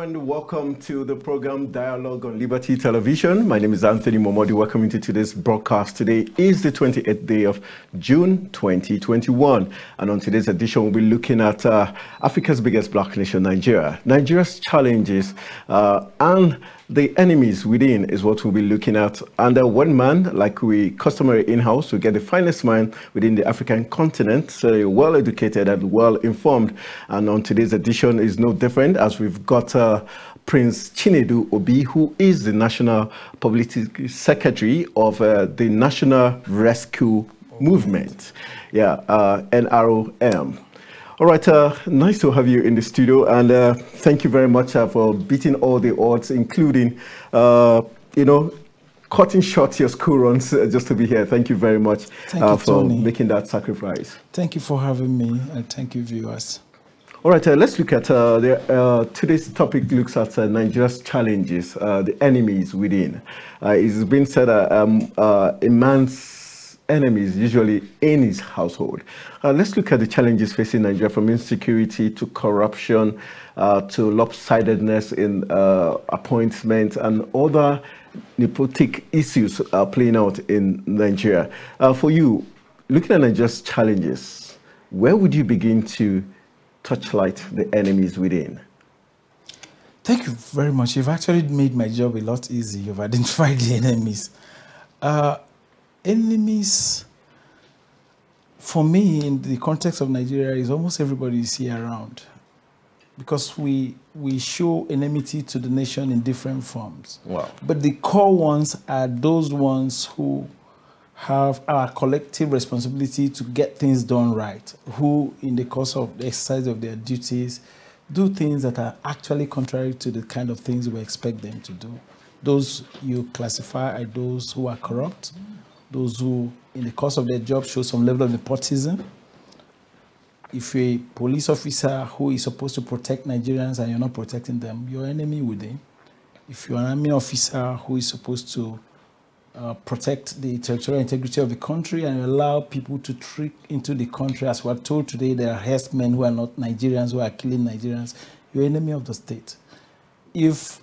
and welcome to the program Dialogue on Liberty Television. My name is Anthony Momodi. Welcome to today's broadcast. Today is the 28th day of June 2021. And on today's edition, we'll be looking at uh, Africa's biggest black nation, Nigeria, Nigeria's challenges, uh, and the enemies within is what we'll be looking at. Under one man, like we customary in-house, we get the finest mind within the African continent, so well-educated and well-informed. And on today's edition is no different as we've got uh, Prince Chinedu Obi, who is the National Publicity Secretary of uh, the National Rescue Movement, yeah, uh, NROM. All right, uh, nice to have you in the studio, and uh, thank you very much uh, for beating all the odds, including, uh, you know, cutting short your school runs uh, just to be here. Thank you very much you, uh, for Tony. making that sacrifice. Thank you for having me, and thank you, viewers. All right, let's look at the, today's topic. Looks at Nigeria's challenges, the enemies within. it's been said that um, a man's enemies, usually in his household. Uh, let's look at the challenges facing Nigeria from insecurity to corruption uh, to lopsidedness in uh, appointments and other nepotic issues uh, playing out in Nigeria. Uh, for you, looking at Nigeria's challenges, where would you begin to touchlight the enemies within? Thank you very much. You've actually made my job a lot easier. You've identified the enemies. Uh, enemies for me in the context of Nigeria is almost everybody you see around because we we show enmity to the nation in different forms. Wow. But the core ones are those ones who have our collective responsibility to get things done right, who in the course of the exercise of their duties do things that are actually contrary to the kind of things we expect them to do. Those you classify are those who are corrupt. Mm those who, in the course of their job, show some level of nepotism. If a police officer who is supposed to protect Nigerians and you're not protecting them, your enemy within. If you're an army officer who is supposed to uh, protect the territorial integrity of the country and allow people to trick into the country, as we're told today, there are herdsmen who are not Nigerians who are killing Nigerians. You're enemy of the state. If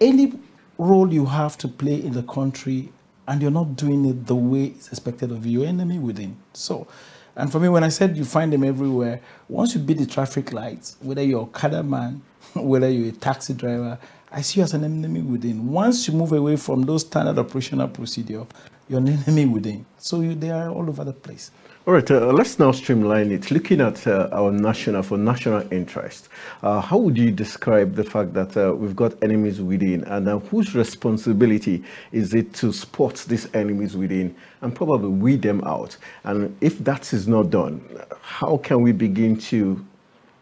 any role you have to play in the country and you're not doing it the way it's expected of you, enemy within. So, and for me, when I said you find them everywhere, once you beat the traffic lights, whether you're a car man, whether you're a taxi driver, I see you as an enemy within. Once you move away from those standard operational procedure, you're an enemy within. So you, they are all over the place. All right, uh, let's now streamline it. Looking at uh, our national, for national interest, uh, how would you describe the fact that uh, we've got enemies within and uh, whose responsibility is it to spot these enemies within and probably weed them out? And if that is not done, how can we begin to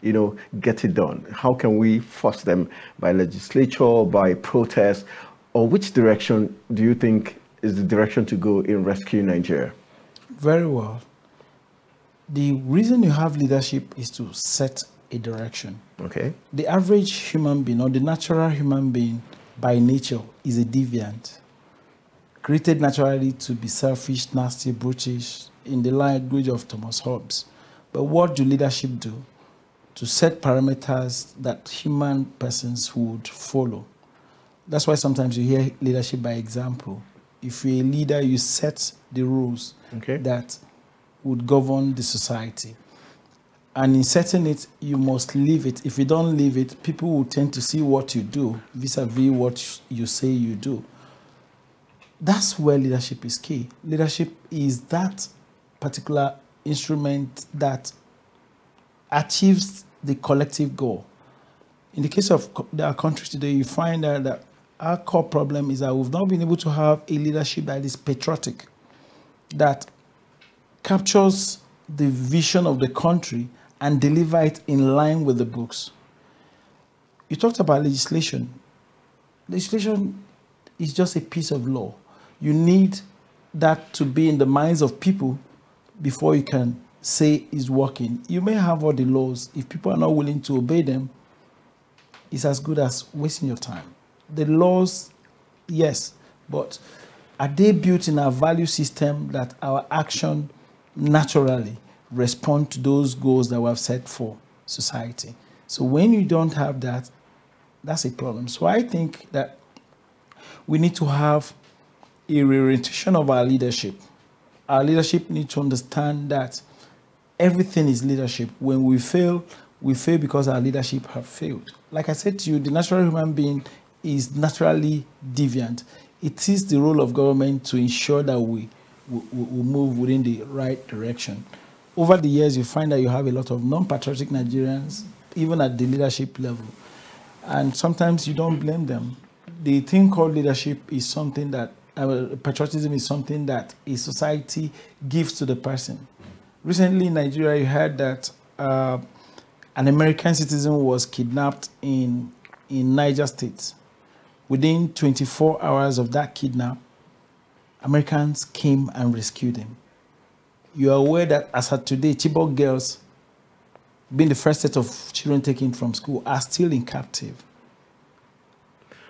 you know, get it done? How can we force them by legislature, by protest, or which direction do you think is the direction to go in rescuing Nigeria? Very well the reason you have leadership is to set a direction. Okay. The average human being or the natural human being by nature is a deviant, created naturally to be selfish, nasty, brutish, in the language of Thomas Hobbes. But what do leadership do? To set parameters that human persons would follow. That's why sometimes you hear leadership by example. If you're a leader, you set the rules okay. that would govern the society. And in setting it, you must leave it. If you don't leave it, people will tend to see what you do vis-a-vis -vis what you say you do. That's where leadership is key. Leadership is that particular instrument that achieves the collective goal. In the case of our country today, you find that, that our core problem is that we've not been able to have a leadership that is patriotic, that captures the vision of the country and deliver it in line with the books. You talked about legislation. Legislation is just a piece of law. You need that to be in the minds of people before you can say it's working. You may have all the laws. If people are not willing to obey them, it's as good as wasting your time. The laws, yes, but are they built in our value system that our action naturally respond to those goals that we have set for society. So when you don't have that, that's a problem. So I think that we need to have a reorientation of our leadership. Our leadership needs to understand that everything is leadership. When we fail, we fail because our leadership have failed. Like I said to you, the natural human being is naturally deviant. It is the role of government to ensure that we will, will move within the right direction. Over the years, you find that you have a lot of non-patriotic Nigerians, even at the leadership level. And sometimes you don't blame them. The thing called leadership is something that, uh, patriotism is something that a society gives to the person. Recently in Nigeria, you heard that uh, an American citizen was kidnapped in, in Niger State. Within 24 hours of that kidnap, Americans came and rescued him. You are aware that as of today, Chibok girls, being the first set of children taken from school, are still in captive.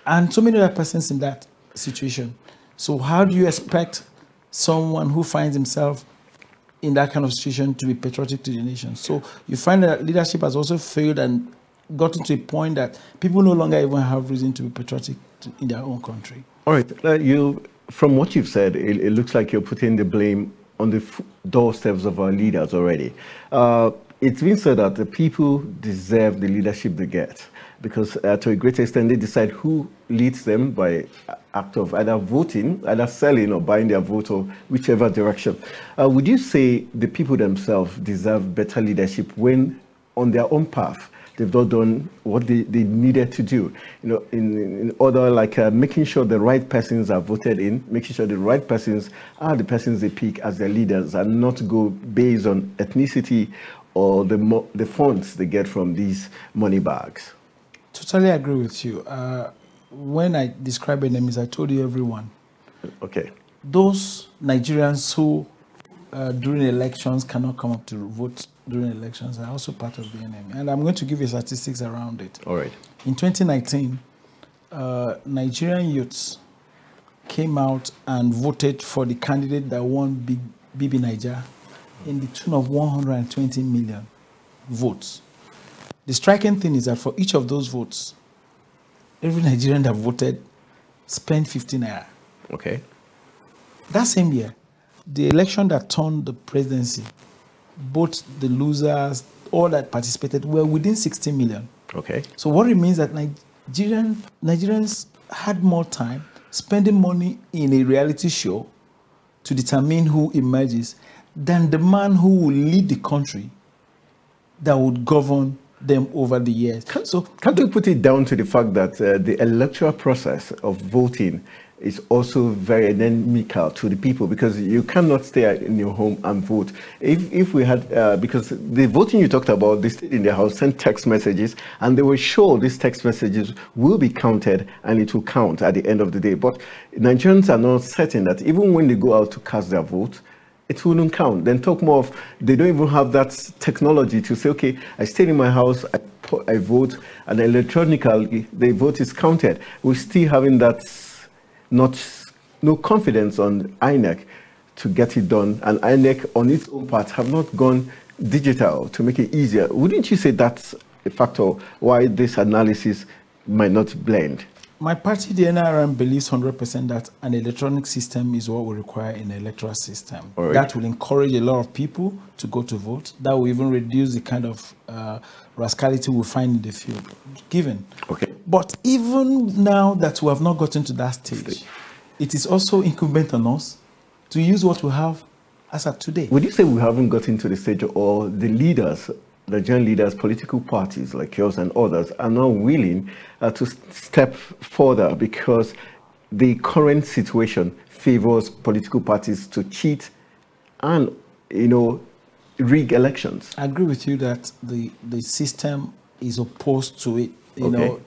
And so many other persons in that situation. So how do you expect someone who finds himself in that kind of situation to be patriotic to the nation? So you find that leadership has also failed and gotten to a point that people no longer even have reason to be patriotic in their own country. All right, uh, you from what you've said, it, it looks like you're putting the blame on the doorsteps of our leaders already. Uh, it's been said that the people deserve the leadership they get because uh, to a great extent they decide who leads them by act of either voting, either selling or buying their vote or whichever direction. Uh, would you say the people themselves deserve better leadership when on their own path They've not done what they, they needed to do. You know, in, in order like uh, making sure the right persons are voted in, making sure the right persons are the persons they pick as their leaders and not go based on ethnicity or the, mo- the funds they get from these money bags. Totally agree with you. Uh, when I describe enemies, I told you everyone. Okay. Those Nigerians who uh, during elections cannot come up to vote during elections are also part of the enemy. And I'm going to give you statistics around it. All right. In 2019, uh, Nigerian youths came out and voted for the candidate that won B- Bibi Niger in the tune of 120 million votes. The striking thing is that for each of those votes, every Nigerian that voted spent 15 naira. Okay. That same year, the election that turned the presidency both the losers, all that participated were within 16 million. Okay. So what remains that Nigerian Nigerians had more time spending money in a reality show to determine who emerges than the man who will lead the country that would govern them over the years. Can, so, can't you put it down to the fact that uh, the electoral process of voting is also very endemical to the people because you cannot stay in your home and vote. If, if we had, uh, because the voting you talked about, they stayed in their house, sent text messages, and they were sure these text messages will be counted and it will count at the end of the day. But Nigerians are not certain that even when they go out to cast their vote, it wouldn't count. Then talk more of they don't even have that technology to say, okay, I stayed in my house, I, I vote, and electronically the vote is counted. We're still having that not no confidence on INEC to get it done, and INEC on its own part have not gone digital to make it easier. Wouldn't you say that's a factor why this analysis might not blend? My party, the NRM, believes 100% that an electronic system is what we require in an electoral system. Right. That will encourage a lot of people to go to vote. That will even reduce the kind of uh, rascality we find in the field, given. Okay. But even now that we have not gotten to that stage, it is also incumbent on us to use what we have as of today. Would you say we haven't gotten to the stage or the leaders Nigerian leaders, political parties like yours and others are not willing uh, to step further because the current situation favors political parties to cheat and, you know, rig elections. I agree with you that the, the system is opposed to it. You okay. know,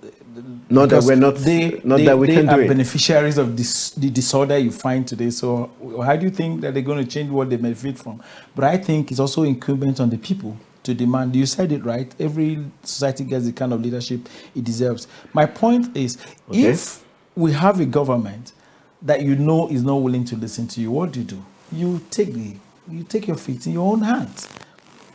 not that we're not, they, not they, that we they can are do it. beneficiaries of this, the disorder you find today. So how do you think that they're going to change what they benefit from? But I think it's also incumbent on the people to demand. You said it right. Every society gets the kind of leadership it deserves. My point is, okay. if we have a government that you know is not willing to listen to you, what do you do? You take the, you take your feet in your own hands.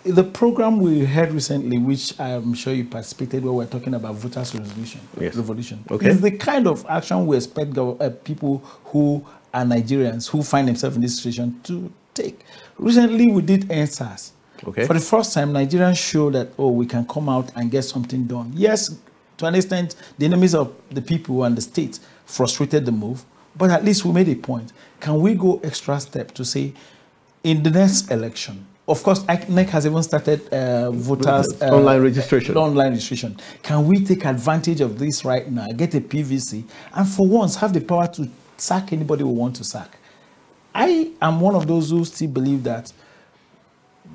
The program we had recently, which I'm sure you participated, where we're talking about voters' revolution, yes. revolution, okay. is the kind of action we expect uh, people who are Nigerians who find themselves in this situation to take. Recently, we did answers. Okay. For the first time, Nigerians show that, oh, we can come out and get something done. Yes, to an extent, the enemies of the people and the state frustrated the move, but at least we made a point. Can we go extra step to say, in the next election, of course, NEC has even started uh, voters uh, online registration. Uh, online registration. Can we take advantage of this right now? Get a PVC and for once have the power to sack anybody we want to sack. I am one of those who still believe that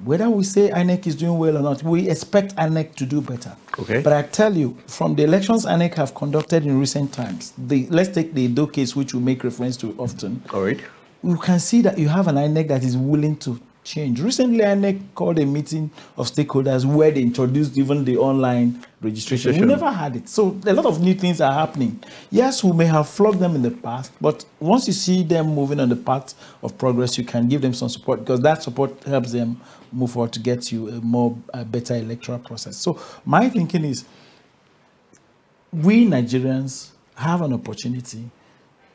whether we say INEC is doing well or not, we expect INEC to do better. Okay. But I tell you, from the elections INEC have conducted in recent times, the, let's take the Edo case, which we make reference to often. All right. You can see that you have an INEC that is willing to change. Recently, INEC called a meeting of stakeholders where they introduced even the online registration. We never had it. So a lot of new things are happening. Yes, we may have flogged them in the past, but once you see them moving on the path of progress, you can give them some support because that support helps them move forward to get you a more a better electoral process. So my thinking is, we Nigerians have an opportunity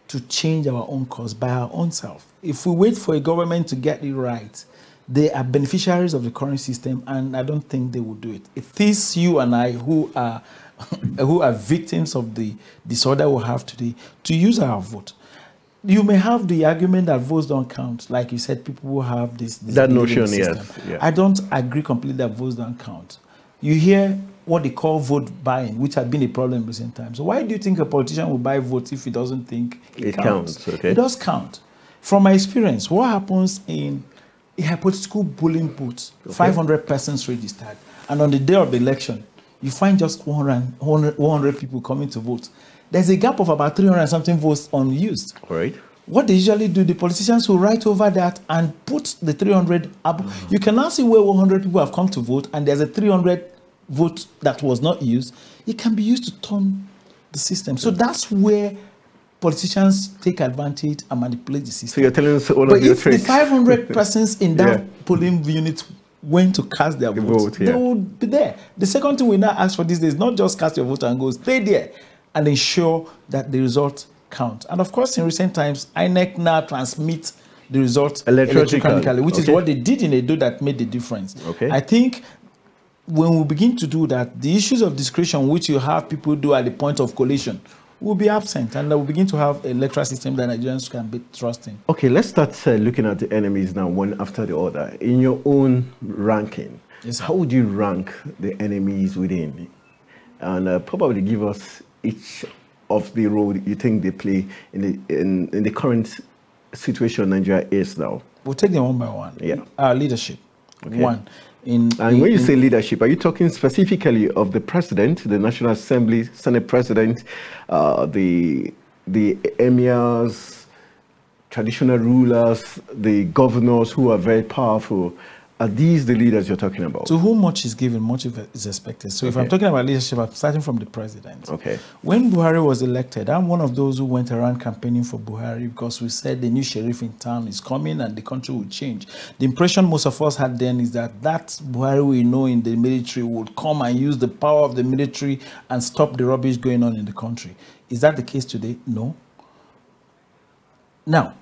to change our own course by our own self. If we wait for a government to get it right, they are beneficiaries of the current system, and I don't think they will do it. It is you and I who are who are victims of the disorder we have today to use our vote you may have the argument that votes don't count. Like you said, people will have this, this that notion. Yes, yeah. I don't agree completely that votes don't count. You hear what they call vote buying, which has been a problem in recent times. So why do you think a politician will buy votes if he doesn't think it, it counts? counts okay. It does count. From my experience, what happens in a hypothetical polling booth, okay. 500 persons registered, and on the day of the election, you find just 100, 100, 100 people coming to vote there's a gap of about 300 something votes unused. All right. What they usually do, the politicians will write over that and put the 300 up. Mm -hmm. You can now see where 100 people have come to vote and there's a 300 vote that was not used. It can be used to turn the system. So that's where politicians take advantage and manipulate the system. So you're telling us all but of your tricks. the 500 persons in that yeah. polling unit went to cast their the vote, vote yeah. they would be there. The second thing we now ask for these days, not just cast your vote and go, stay there and ensure that the results count. And of course, in recent times, INEC now transmits the results electronically, which okay. is what they did in do that made the difference. Okay. I think when we begin to do that, the issues of discretion, which you have people do at the point of collision, will be absent and we'll begin to have a electoral system that Nigerians can be trusting. Okay, let's start uh, looking at the enemies now, one after the other. In your own ranking, yes, how would you rank the enemies within? And uh, probably give us each of the role you think they play in the, in, in the current situation Nigeria is now? We'll take them one by one. Yeah. Uh, leadership. Okay. One. In, and in, when you say leadership, are you talking specifically of the president, the National Assembly, Senate president, uh, the the emirs, traditional rulers, the governors who are very powerful? are these the leaders you're talking about? To whom much is given, much is expected. So okay. if I'm talking about leadership, I'm starting from the president. Okay. When Buhari was elected, I'm one of those who went around campaigning for Buhari because we said the new sheriff in town is coming and the country will change. The impression most of us had then is that that Buhari we know in the military would come and use the power of the military and stop the rubbish going on in the country. Is that the case today? No. Now,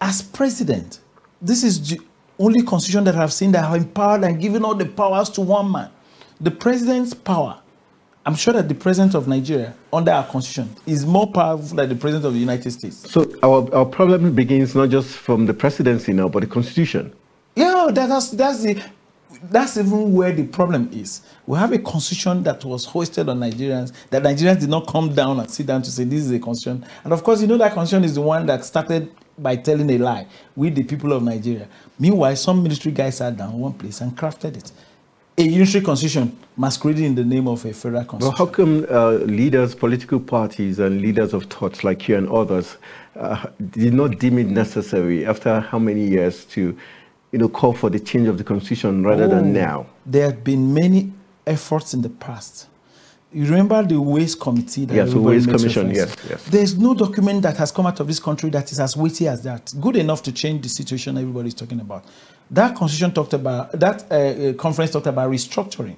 as president, this is only constitution that I've seen that have empowered and given all the powers to one man. The president's power, I'm sure that the president of Nigeria under our constitution is more powerful than the president of the United States. So our, our problem begins not just from the presidency now, but the constitution. Yeah, that's, that's the that's even where the problem is. We have a constitution that was hoisted on Nigerians, that Nigerians did not come down and sit down to say this is a constitution. And of course, you know that constitution is the one that started by telling a lie with the people of Nigeria. Meanwhile, some military guys sat down one place and crafted it. A unitary constitution masquerading in the name of a federal constitution. But how come uh, leaders, political parties, and leaders of thought like you and others uh, did not deem it necessary after how many years to you know, call for the change of the constitution rather oh, than now? There have been many efforts in the past you remember the waste committee that yes, the waste commission yes yes there's no document that has come out of this country that is as weighty as that good enough to change the situation everybody's talking about that constitution talked about that uh, uh conference talked about restructuring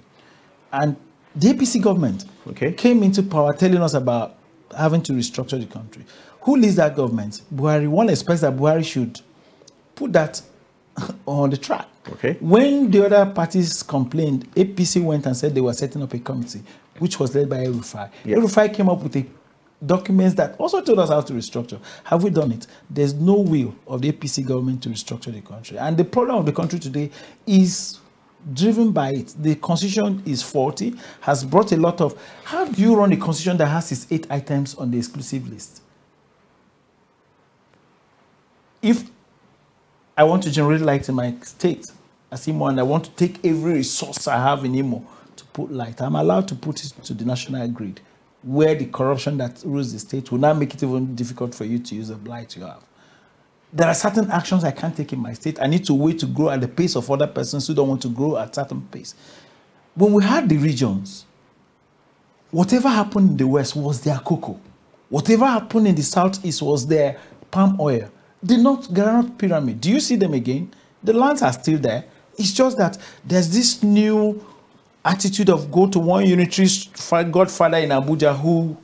and the apc government okay. came into power telling us about having to restructure the country who leads that government buhari one expects that buhari should put that on the track Okay. When the other parties complained, APC went and said they were setting up a committee which was led by Erufai. Yes. Erufai came up with a documents that also told us how to restructure. Have we done it? There's no will of the APC government to restructure the country. And the problem of the country today is driven by it. The constitution is forty. has brought a lot of... How do you run a constitution that has its eight items on the exclusive list? If I want to generate light in my state, as Imo, and I want to take every resource I have in Imo to put light. I'm allowed to put it to the national grid, where the corruption that rules the state will not make it even difficult for you to use the light you have. There are certain actions I can't take in my state. I need to wait to grow at the pace of other persons who don't want to grow at certain pace. When we had the regions, whatever happened in the West was their cocoa. Whatever happened in the Southeast was their palm oil. The North Granite Pyramid, do you see them again? The lands are still there. It's just that there's this new attitude of go to one unitary godfather in Abuja who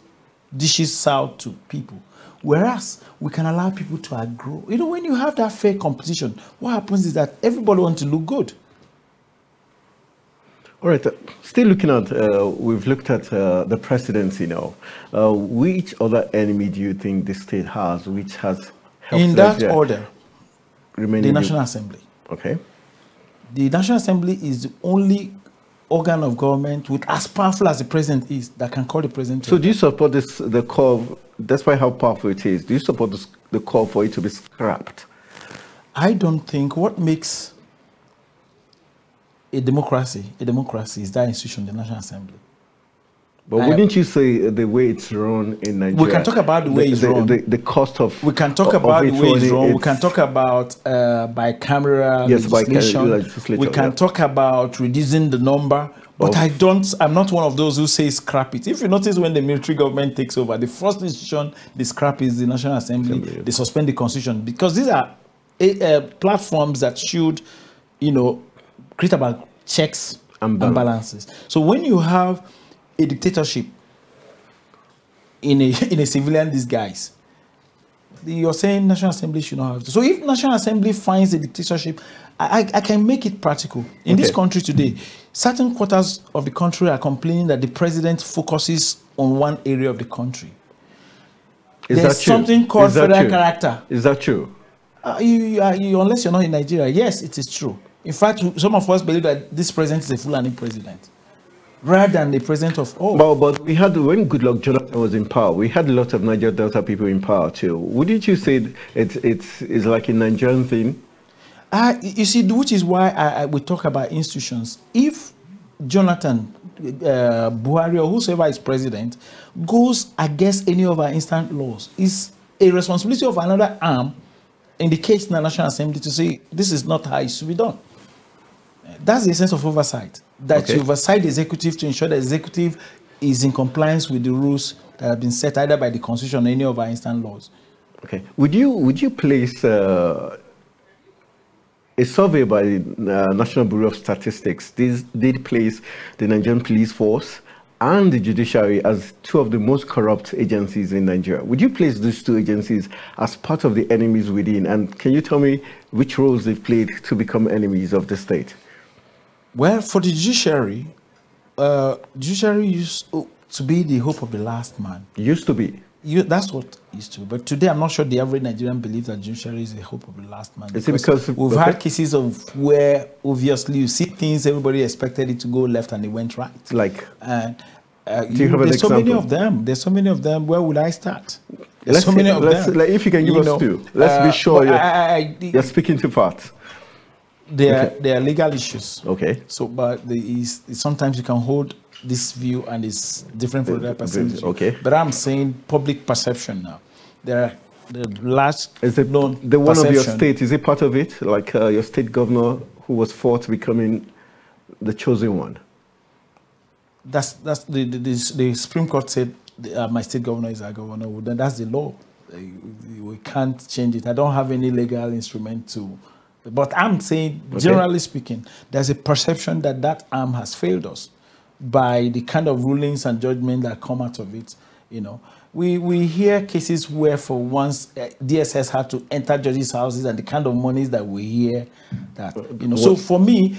dishes out to people. Whereas we can allow people to grow. You know, when you have that fair competition, what happens is that everybody wants to look good. All right, uh, still looking at, uh, we've looked at uh, the presidency now. Uh, which other enemy do you think the state has, which has helped In that order, the National you? Assembly. Okay. The National Assembly is the only organ of government with as powerful as the president is that can call the president. So do you support this the call? That's why how powerful it is. Do you support this, the call for it to be scrapped? I don't think what makes a democracy a democracy is that institution, the National Assembly. But wouldn't you say uh, the way it's run in Nigeria? We can talk about the way the, it's the, run. The, the, cost of we can talk about the way it's run. It's we can talk about uh, bicameral yes, legislation. legislature, we can yeah. talk about reducing the number. But of, I don't. I'm not one of those who say scrap it. If you notice, when the military government takes over, the first decision they scrap is the National Assembly. Assembly. They suspend the constitution because these are eh, eh, platforms that should, you know, create about checks and, and balances. So when you have a dictatorship in a in a civilian disguise. You're saying National Assembly should not have to. So if National Assembly finds a dictatorship, I, I can make it practical. In okay. this country today, certain quarters of the country are complaining that the president focuses on one area of the country. Is There's something called federal true? character. Is that true? Uh, you, uh, you, unless you're not in Nigeria, yes, it is true. In fact, some of us believe that this president is a Fulani president rather than the president of all. Well, but we had, when Goodluck Jonathan was in power, we had a lot of Niger Delta people in power too. Wouldn't you say it's, it's, it's like a Nigerian thing? Uh, you see, which is why I, I, we talk about institutions. If Jonathan, uh, Buhari, or whosoever is president, goes against any of our instant laws, it's a responsibility of another arm in the case in the National Assembly to say this is not how it should be done. That's the essence of oversight that okay. you've assigned the executive to ensure the executive is in compliance with the rules that have been set either by the constitution or any of our instant laws. Okay. Would you would you place uh, a survey by the uh, National Bureau of Statistics this did place the Nigerian police force and the judiciary as two of the most corrupt agencies in Nigeria. Would you place these two agencies as part of the enemies within? And can you tell me which roles they've played to become enemies of the state? Well, for the judiciary, uh, judiciary used to be the hope of the last man. Used to be. You, that's what used to be. But today, I'm not sure the average Nigerian believes that judiciary is the hope of the last man. Because, because we've okay. had cases of where obviously you see things everybody expected it to go left and it went right. Like. And, uh, you, you there's so many of them. There's so many of them. Where would I start? There's let's so many see, of them. Like, if you can give you us know, two, let's uh, be sure you're, I, I, I, you're speaking too fast. There, okay. there are legal issues. Okay. So, but is, sometimes you can hold this view and it's different for that person. Okay. But I'm saying public perception now. There are the last is it known the one perception. of your state is it part of it like uh, your state governor who was fought becoming the chosen one that's that's the the, the, the supreme court said uh, my state governor is our governor then that's the law we can't change it i don't have any legal instrument to but I'm saying, okay. generally speaking, there's a perception that that arm has failed us by the kind of rulings and judgment that come out of it. You know, we we hear cases where, for once, uh, eh, DSS had to enter judges' houses and the kind of monies that we hear. That you know, so for me,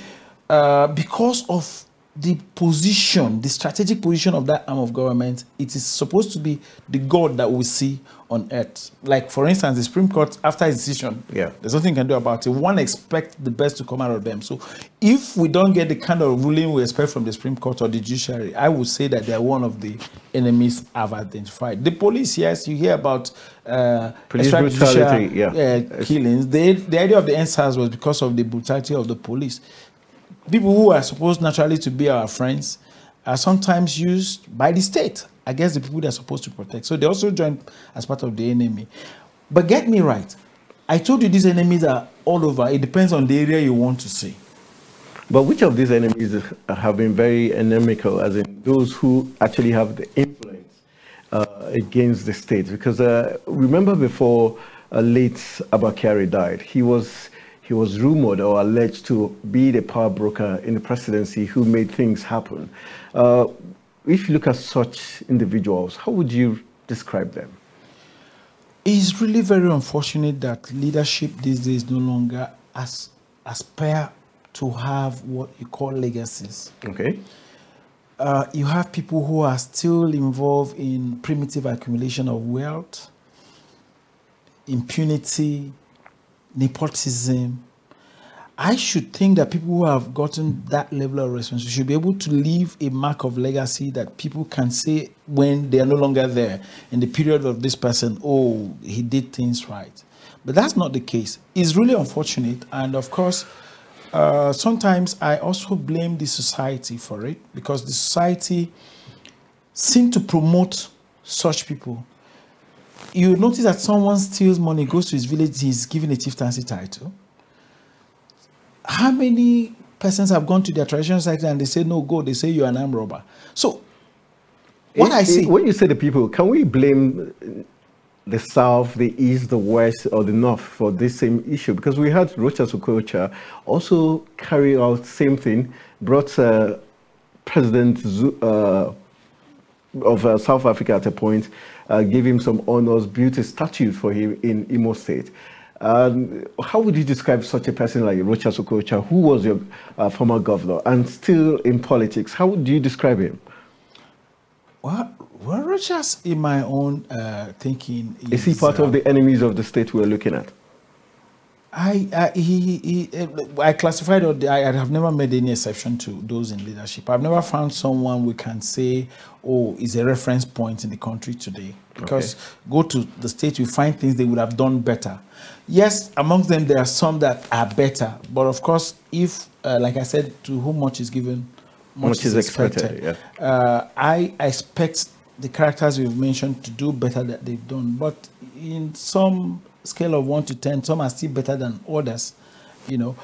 uh, because of the position, the strategic position of that arm of government, it is supposed to be the God that we see on earth. Like, for instance, the Supreme Court, after a decision, yeah. there's nothing you can do about it. One expects the best to come out of them. So, if we don't get the kind of ruling we expect from the Supreme Court or the judiciary, I would say that they're one of the enemies I've identified. The police, yes, you hear about uh, police brutality, yeah. Uh, killings. The, the idea of the NSAS was because of the brutality of the police. People who are supposed naturally to be our friends are sometimes used by the state against the people they're supposed to protect. So they also joined as part of the enemy. But get me right. I told you these enemies are all over. It depends on the area you want to see. But which of these enemies have been very inimical, as in those who actually have the influence uh, against the state? Because uh, remember before uh, late Abakari died, he was he was rumored or alleged to be the power broker in the presidency who made things happen. Uh, if you look at such individuals, how would you describe them? It's really very unfortunate that leadership these days no longer as, aspire to have what you call legacies. Okay. Uh, you have people who are still involved in primitive accumulation of wealth, impunity, nepotism, I should think that people who have gotten that level of response should be able to leave a mark of legacy that people can say when they are no longer there in the period of this person, oh, he did things right. But that's not the case. It's really unfortunate. And of course, uh, sometimes I also blame the society for it because the society seem to promote such people. You notice that someone steals money, goes to his village, he's given a chieftaincy title how many persons have gone to their traditional sites and they say no go they say you're an armed robber so what it, i see when you say the people can we blame the south the east the west or the north for this same issue because we had rocha sukocha also carry out same thing brought uh, president uh, of uh, south africa at a point uh, gave him some honors built a statue for him in imo state and um, how would you describe such a person like Rocha Sukocha, who was your uh, former governor and still in politics? How would you describe him? Well, well Rocha's, in my own uh, thinking, is, is he part uh, of the enemies of the state we're looking at? I, I, he, he, eh, I classified, or I have never made any exception to those in leadership. I've never found someone we can say, oh, is a reference point in the country today. Because okay. go to the state, you find things they would have done better. Yes, amongst them, there are some that are better. But of course, if, uh, like I said, to whom much is given, much, much is expected. expected yeah. uh, I expect the characters we've mentioned to do better than they've done. But in some scale of one to ten, some are still better than others. You know,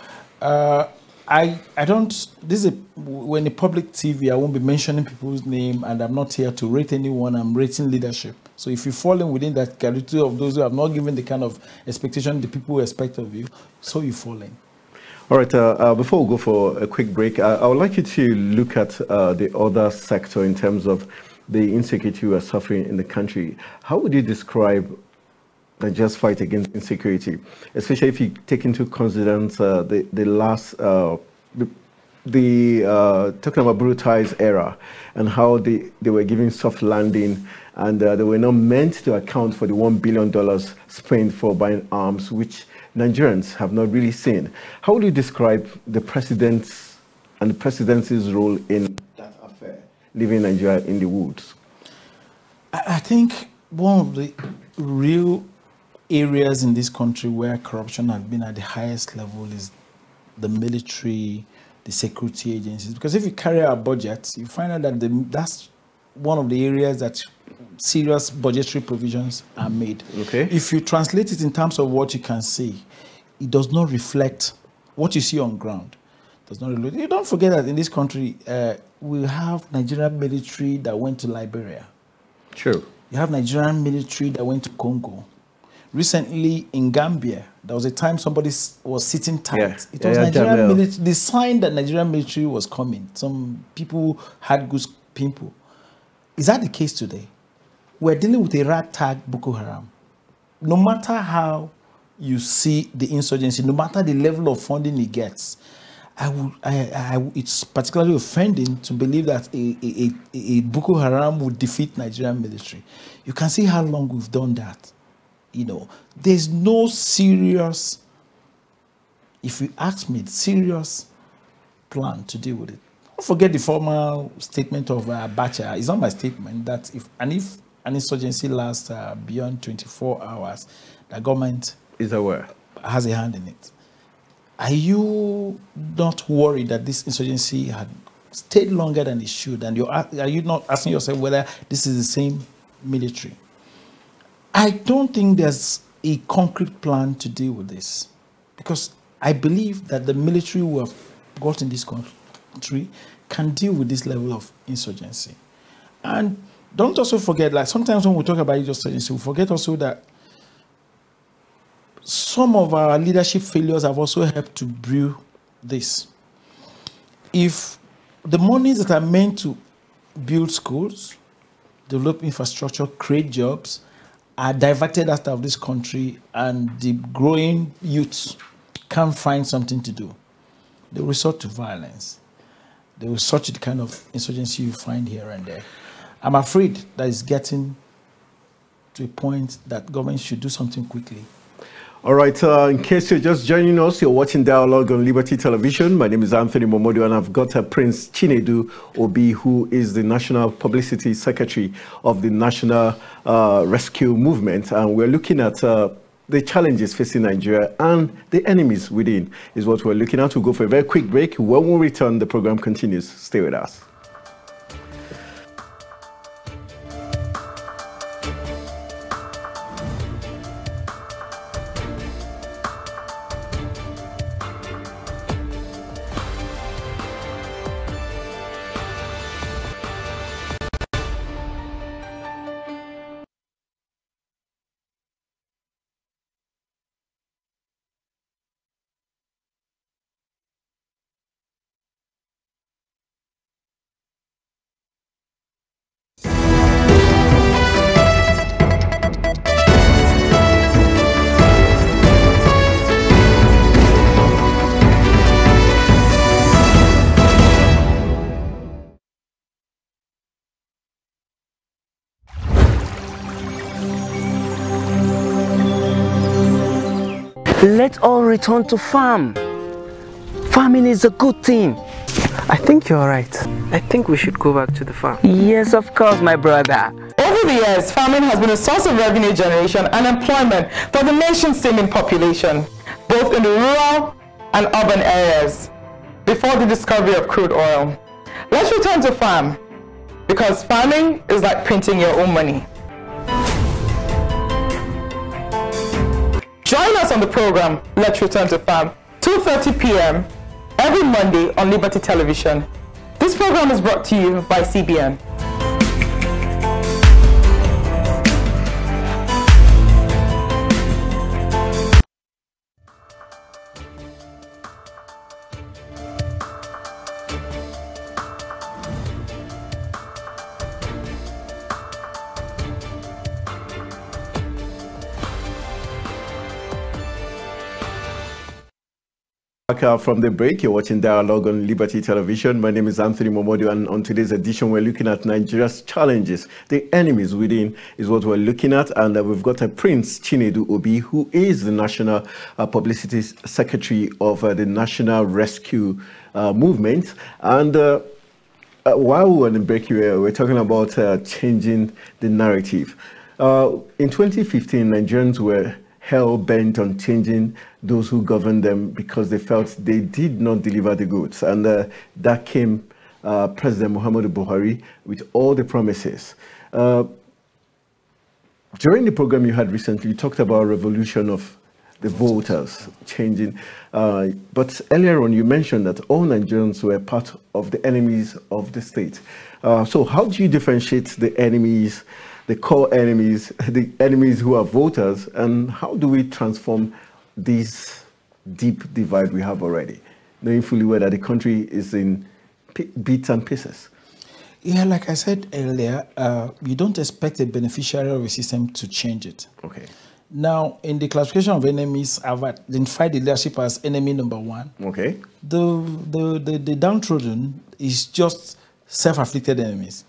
uh, I I don't. This is a, when the public TV. I won't be mentioning people's name, and I'm not here to rate anyone. I'm rating leadership. So if you fall in within that category of those who have not given the kind of expectation the people expect of you, so you fall in. All right, uh, uh, before we go for a quick break, uh, I would like you to look at uh, the other sector in terms of the insecurity we are suffering in the country. How would you describe that just fight against insecurity, especially if you take into consideration uh, the the last uh, the, the uh, talking about brutalized era and how they, they were giving soft landing and uh, they were not meant to account for the one billion dollars spent for buying arms, which Nigerians have not really seen. How would you describe the president's and the presidency's role in that affair, leaving Nigeria in the woods? I think one of the real areas in this country where corruption has been at the highest level is the military, the security agencies. Because if you carry out budgets, you find out that the, that's one of the areas that serious budgetary provisions are made. Okay. If you translate it in terms of what you can see, it does not reflect what you see on ground. does not reflect. You don't forget that in this country, uh, we have Nigerian military that went to Liberia. True. You have Nigerian military that went to Congo recently in Gambia, there was a time somebody was sitting tight. Yeah. It was yeah, Nigerian military. The sign that Nigerian military was coming. Some people had goose people. Is that the case today? We're dealing with a ragtag Boko Haram. No matter how you see the insurgency, no matter the level of funding it gets, I would, I, I, it's particularly offending to believe that a, a, a, a Boko Haram would defeat Nigerian military. You can see how long we've done that you know, there's no serious, if you ask me, serious plan to deal with it. Don't forget the formal statement of uh, Bacha. It's not my statement that if and if an insurgency lasts uh, beyond 24 hours, the government is aware has a hand in it. Are you not worried that this insurgency had stayed longer than it should? And you are, are you not asking yourself whether this is the same military? I don't think there's a concrete plan to deal with this because I believe that the military who have got in this country can deal with this level of insurgency. And don't also forget, like sometimes when we talk about insurgency, we forget also that some of our leadership failures have also helped to brew this. If the monies that are meant to build schools, develop infrastructure, create jobs, are diverted out of this country and the growing youth can't find something to do. They resort to violence. They resort to the kind of insurgency you find here and there. I'm afraid that it's getting to a point that government should do something quickly all right, uh, in case you're just joining us, you're watching Dialogue on Liberty Television. My name is Anthony Momodu, and I've got a uh, Prince Chinedu Obi, who is the National Publicity Secretary of the National uh, Rescue Movement. And we're looking at uh, the challenges facing Nigeria and the enemies within, is what we're looking at. We'll go for a very quick break. When we return, the program continues. Stay with us. let all return to farm. Farming is a good thing. I think you're right. I think we should go back to the farm. Yes, of course, my brother. Over the years, farming has been a source of revenue generation and employment for the nation's steaming population, both in the rural and urban areas, before the discovery of crude oil. Let's return to farm, because farming is like printing your own money. Join us on the program Let's Return to Farm, 2.30 p.m. every Monday on Liberty Television. This program is brought to you by CBN. back uh, from the break. You're watching Dialogue on Liberty Television. My name is Anthony Momodu, and on today's edition, we're looking at Nigeria's challenges. The enemies within is what we're looking at, and uh, we've got a uh, Prince Chinedu Obi, who is the National uh, Publicity Secretary of uh, the National Rescue uh, Movement. And while we were on the break, we were, talking about changing the narrative. in 2015, Nigerians were hell bent on changing those who governed them because they felt they did not deliver the goods. And uh, that came uh, President Muhammadu Buhari with all the promises. Uh, during the program you had recently, you talked about revolution of the voters changing. Uh, but earlier on, you mentioned that all Nigerians were part of the enemies of the state. Uh, so, how do you differentiate the enemies the core enemies, the enemies who are voters, and how do we transform this deep divide we have already, knowing fully well that the country is in bits and pieces? Yeah, like I said earlier, uh, you don't expect a beneficiary of a system to change it. Okay. Now, in the classification of enemies, I've identified the leadership as enemy number one. Okay. The the the, the downtrodden is just self-afflicted enemies,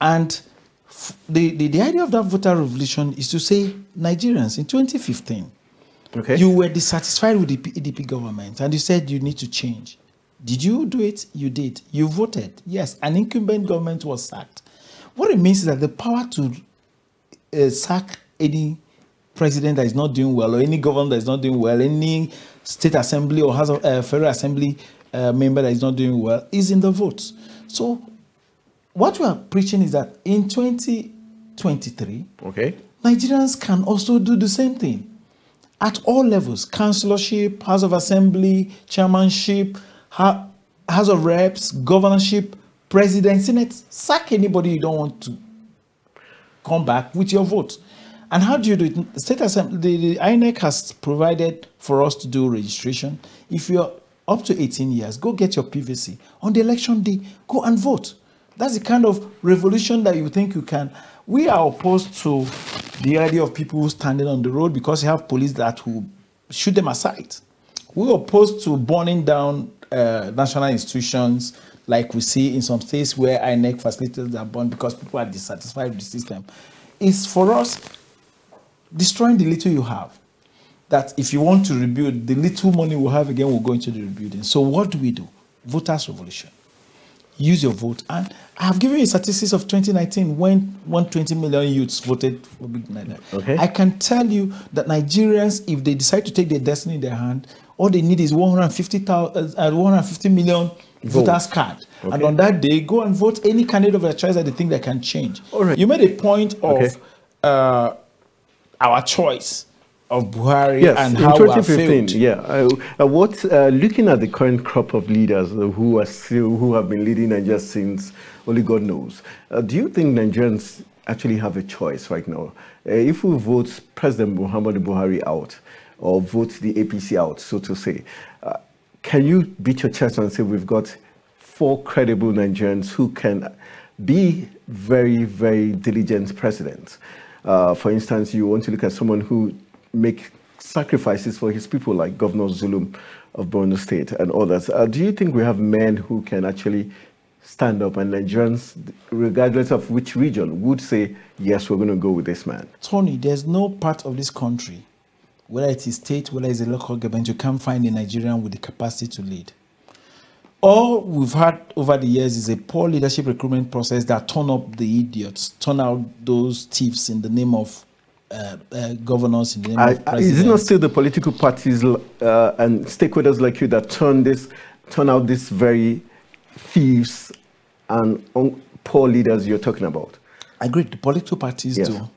and the, the, the idea of that voter revolution is to say, Nigerians, in 2015, okay. you were dissatisfied with the EDP government and you said you need to change. Did you do it? You did. You voted. Yes, an incumbent government was sacked. What it means is that the power to uh, sack any president that is not doing well or any government that is not doing well, any state assembly or uh, federal assembly uh, member that is not doing well is in the vote. So what we are preaching is that in 2023, okay, Nigerians can also do the same thing at all levels: councillorship, House of Assembly, chairmanship, House of Reps, governorship, president, senate. Sack anybody you don't want to come back with your vote. And how do you do it? State Assembly, the, the INEC has provided for us to do registration. If you're up to 18 years, go get your PVC. On the election day, go and vote. That's the kind of revolution that you think you can. We are opposed to the idea of people standing on the road because you have police that will shoot them aside. We're opposed to burning down uh, national institutions like we see in some states where INEC facilities are burned because people are dissatisfied with the system. It's for us destroying the little you have. That if you want to rebuild, the little money we have again will go into the rebuilding. So what do we do? Voters' revolution use your vote. And I have given you statistics of 2019 when 120 million youths voted for Big Nigeria. Okay. I can tell you that Nigerians, if they decide to take their destiny in their hand, all they need is 150, uh, uh 150 million vote. voters card. Okay. And on that day, go and vote any candidate of their choice that they think they can change. All right. You made a point of okay. uh, our choice of Buhari yes, and how in 2015, Yeah, uh, what uh, looking at the current crop of leaders uh, who are still who have been leading Nigeria since only God knows. Uh, do you think Nigerians actually have a choice right now? Uh, if we vote President Muhammadu Buhari out or vote the APC out, so to say, uh, can you beat your chest and say we've got four credible Nigerians who can be very very diligent presidents? for instance, you want to look at someone who make sacrifices for his people, like Governor Zulum of Borno State and others. Uh, do you think we have men who can actually stand up and Nigerians, regardless of which region, would say, yes, we're going to go with this man? Tony, there's no part of this country, whether it is state, whether it's a local government, you can't find a Nigerian with the capacity to lead. All we've had over the years is a poor leadership recruitment process that turn up the idiots, turn out those thieves in the name of uh, uh, governors in the name I, of Is it not still the political parties uh, and stakeholders like you that turn this, turn out this very thieves and poor leaders you're talking about? Agreed. The political parties yes. do.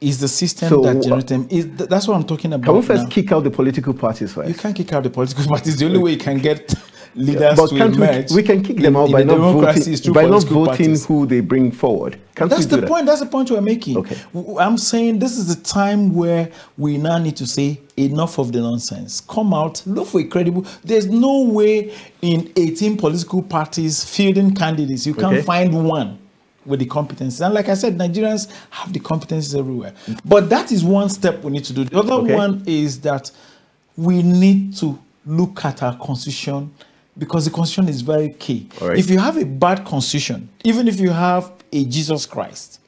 Is the system so, that generates them. Is th that's what I'm talking about. Can we first now. kick out the political parties first? You can't kick out the political parties. The only way you can get leaders but to emerge. We, we, can kick them out by, the not voting, by not voting who they bring forward. Can't That's the that? point. That's the point we're making. Okay. I'm saying this is the time where we now need to say enough of the nonsense. Come out, look for a credible. There's no way in 18 political parties fielding candidates you can't okay. find one with the competencies. And like I said, Nigerians have the competencies everywhere. But that is one step we need to do. The other okay. one is that we need to look at our constitution because the constitution is very key. Right. If you have a bad constitution, even if you have a Jesus Christ,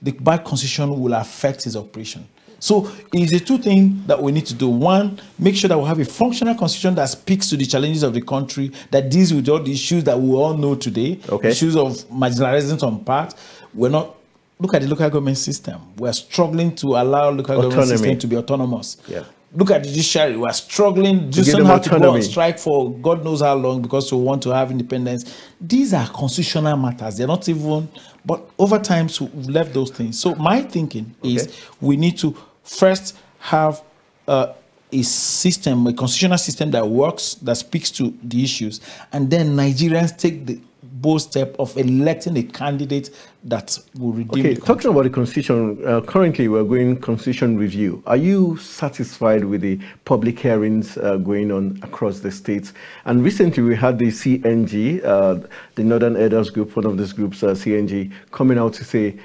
the bad constitution will affect his operation. So it's the two things that we need to do. One, make sure that we have a functional constitution that speaks to the challenges of the country, that deals with all the issues that we all know today. Okay. Issues of marginalizing some part. We're not look at the local government system. We're struggling to allow local Autonomy. government system to be autonomous. Yeah look at the judiciary. We are struggling. just have autonomy. to go on strike for God knows how long because we want to have independence. These are constitutional matters. They're not even. But over time, so we've left those things. So my thinking okay. is we need to first have uh, a system, a constitutional system that works, that speaks to the issues, and then Nigerians take the bold step of electing a candidate that will redeem. Okay, talking about the constitution, uh, currently we're going constitution review. Are you satisfied with the public hearings uh, going on across the states? And recently we had the CNG, uh, the Northern Elders Group, one of these groups, uh, CNG, coming out to say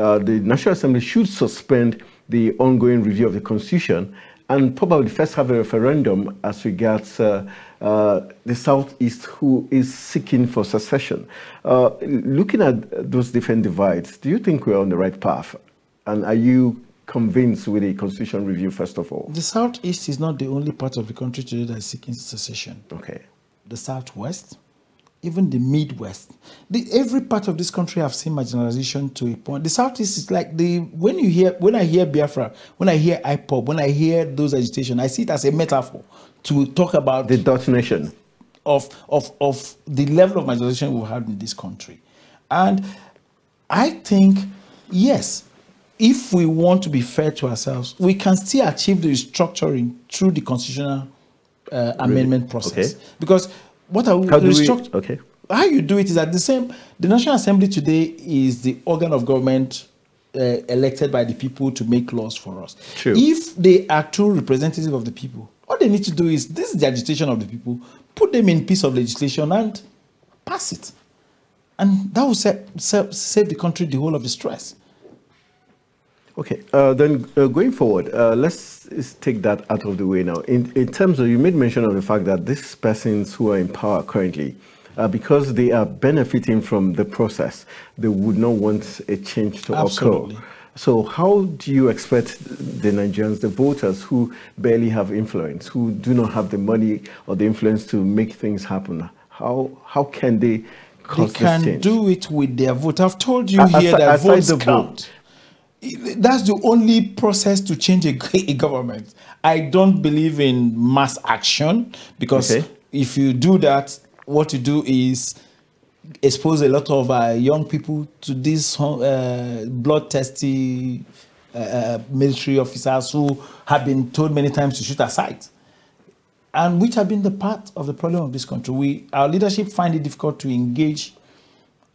uh, the National Assembly should suspend the ongoing review of the constitution and probably first have a referendum as regards uh, uh, the Southeast who is seeking for secession. Uh, looking at those different divides, do you think we're on the right path? And are you convinced with the constitution review, first of all? The Southeast is not the only part of the country today that is seeking secession. Okay. The Southwest, even the Midwest. The, every part of this country I've seen marginalization to a point. The Southeast is like the when you hear when I hear Biafra, when I hear IPOP, when I hear those agitation, I see it as a metaphor to talk about the Dutch nation of of of the level of marginalization we have in this country, and I think yes. If we want to be fair to ourselves, we can still achieve the restructuring through the constitutional uh, amendment process. Okay. Because what are we, how restruct- we, okay how you do it is that the same the national assembly today is the organ of government uh, elected by the people to make laws for us True. if they are true representative of the people all they need to do is this is the agitation of the people put them in piece of legislation and pass it and that will save save the country the whole of the stress Okay, uh, then uh, going forward, uh, let's take that out of the way now. In, in, terms of, you made mention of the fact that these persons who are in power currently, uh, because they are benefiting from the process, they would not want a change to Absolutely. occur. So, how do you expect the Nigerians, the voters who barely have influence, who do not have the money or the influence to make things happen, how, how can they? They can do it with their vote. I've told you as, here that votes vote. count that's the only process to change a, a government. I don't believe in mass action because okay. if you do that, what you do is expose a lot of uh, young people to these uh, bloodthirsty uh, uh, military officers who have been told many times to shoot aside, and which have been the part of the problem of this country. We, our leadership find it difficult to engage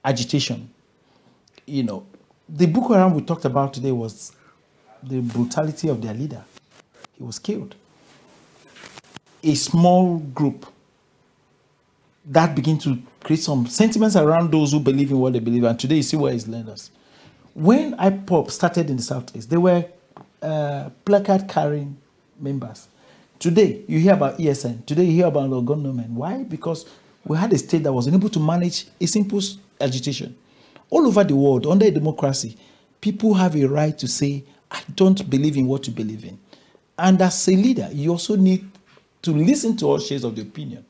agitation. You know, the Boko Haram we talked about today was the brutality of their leader. He was killed. A small group that began to create some sentiments around those who believe in what they believe. And today you see where it's led us. When IPOP started in the Southeast, they were uh, placard carrying members. Today you hear about ESN. Today you hear about the government. Why? Because we had a state that was unable to manage a simple agitation all over the world under a democracy, people have a right to say, I don't believe in what you believe in. And as a leader, you also need to listen to all shades of the opinion.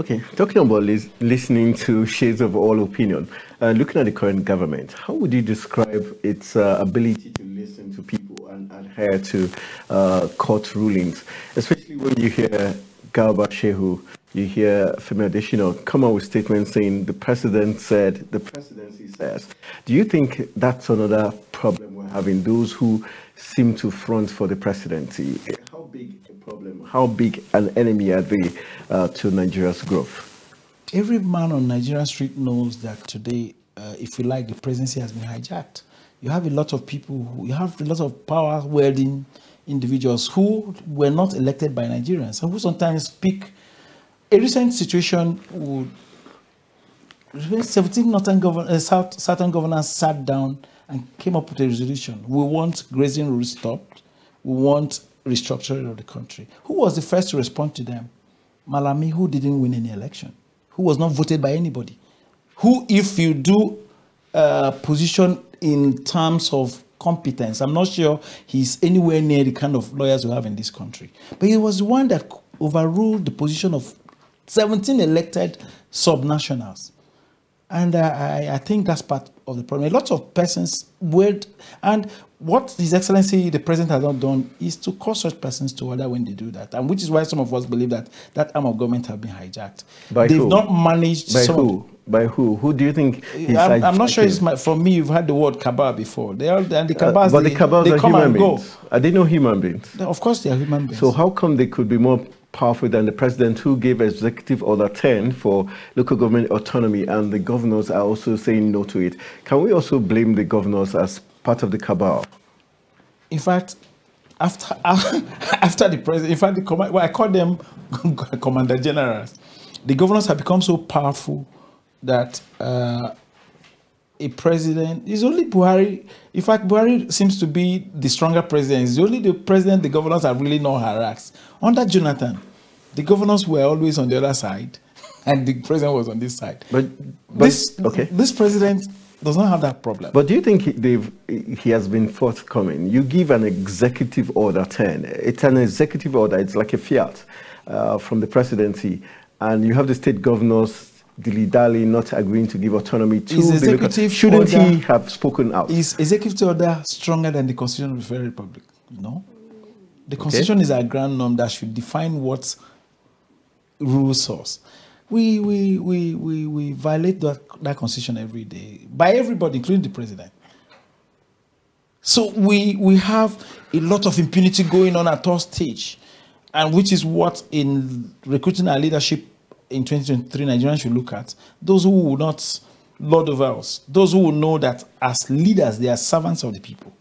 Okay, talking about lis listening to shades of all opinion, uh, looking at the current government, how would you describe its uh, ability to listen to people and adhere to uh, court rulings, especially when you hear Garba Shehu you hear Femil additional come out with statements saying the president said, the presidency says. Do you think that's another problem we're having? Those who seem to front for the presidency. How big a problem? How big an enemy are they uh, to Nigeria's growth? Every man on Nigerian street knows that today, uh, if you like, the presidency has been hijacked. You have a lot of people, who, you have a lot of power wielding individuals who were not elected by Nigerians and who sometimes speak a recent situation would 17 northern govern, uh, south, southern governors sat down and came up with a resolution. We want grazing rules stopped. We want restructuring of the country. Who was the first to respond to them? Malami, who didn't win any election, who was not voted by anybody, who, if you do uh, position in terms of competence, I'm not sure he's anywhere near the kind of lawyers we have in this country. But he was the one that overruled the position of 17 elected subnationals. And I, I, think that's part of the problem. A lot of persons would, and what His Excellency the President has not done is to call such persons to order when they do that, and which is why some of us believe that that arm of government have been hijacked. By They've who? not managed. By who? By who? Who do you think? I'm, I'm, not sure. It's my, for me. You've heard the word kabar before. They are and the kabars Uh, but they, the they are come human and beings. Go. Are they no human beings? Of course, they are human beings. So how come they could be more powerful than the president who gave executive order 10 for local government autonomy and the governors are also saying no to it. Can we also blame the governors as part of the cabal? In fact, after after the president, in fact, the command, well, I call them commander generals. The governors have become so powerful that uh, a president. is only Buhari. In fact, Buhari seems to be the stronger president. It's only the president the governors are really not harassed. Under Jonathan, the governors were always on the other side, and the president was on this side. But, but this okay. this president does not have that problem. But do you think he, he has been forthcoming? You give an executive order 10. It's an executive order. It's like a fiat uh, from the presidency. And you have the state governors dilly-dally, not agreeing to give autonomy to is the executive Shouldn't order, he have spoken out? Is executive order stronger than the Constitution of the Federal Republic? No. The Constitution okay. is our grand norm that should define what rule source. We, we, we, we, we violate that, that Constitution every day by everybody, including the president. So we, we have a lot of impunity going on at all stage, and which is what in recruiting our leadership in 2023 Nigerians should look at, those who will not lord over us, those who will know that as leaders, they are servants of the people.